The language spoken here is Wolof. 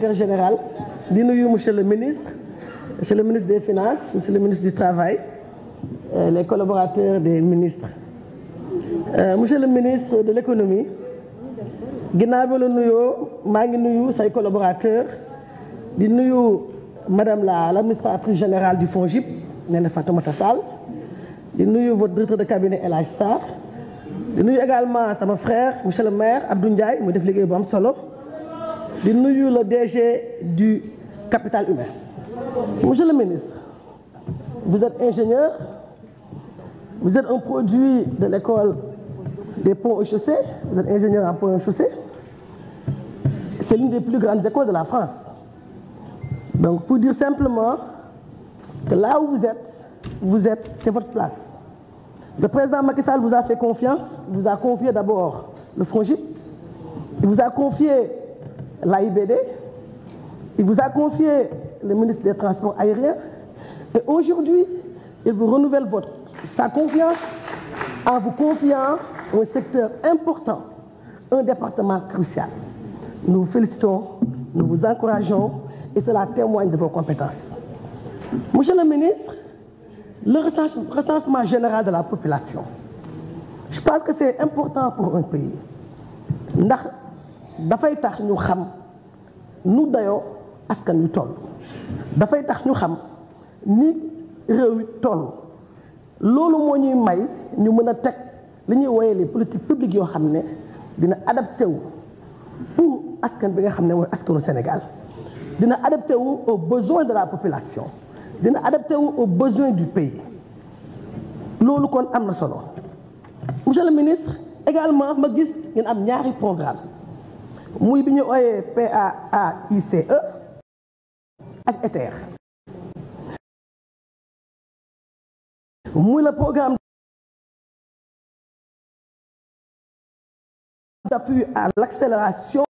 secrétaire général di nuyu monsieur le ministre monsieur le ministre des finances monsieur le ministre du travail euh, les collaborateurs des ministres euh, monsieur le ministre de l'économie ginnaaw bi la nuyoo maa ngi nuyu say collaborateurs di nuyu madame la l'administratrice générale du FONGIP Néné Fatoumata Tall di nuyu votre directeur de cabinet El Hadj Sarr di nuyu également sama frère monsieur le maire Abdou Ndiaye mu def liggéey bu am solo di nuyu le DG du capital humain monsieur le ministre vous êtes ingénieur vous êtes un produit de l'école des ponts et chaussées vous êtes ingénieur en ponts et chaussées c'est l'une des plus grandes écoles de la France donc pou dire simplement que là où vous êtes vous êtes c'est votre place le président Macky Sall vous a fait confiance il vous a confié d'abord le FONGIP il vous a confié l'AIBD. Il vous a confié le ministre des Transports aériens. Et aujourd'hui, il vous renouvelle votre, sa confiance en vous confiant un secteur important, un département crucial. Nous vous félicitons, nous vous encourageons et cela témoigne de vos compétences. Monsieur le ministre, le recensement général de la population, je pense que c'est important pour un pays. dafay tax ñu xam nu dayoo askan wi toll dafay tax ñu xam ni réew wi toll loolu moo ñuy may ñu mën a teg li ñuy woyee les politiques publiques yoo xam ne dina adapté wu pour askan bi nga xam ne mooy askanu Sénégal dina adapté wu aux besoins de la population dina adapté wu aux du pays loolu kon am na solo monsieur le ministre également ma gis ngeen am ñaari programme muy bi ñu ooyee PAAICE ak ETER muy le programme d'appui à l'accélération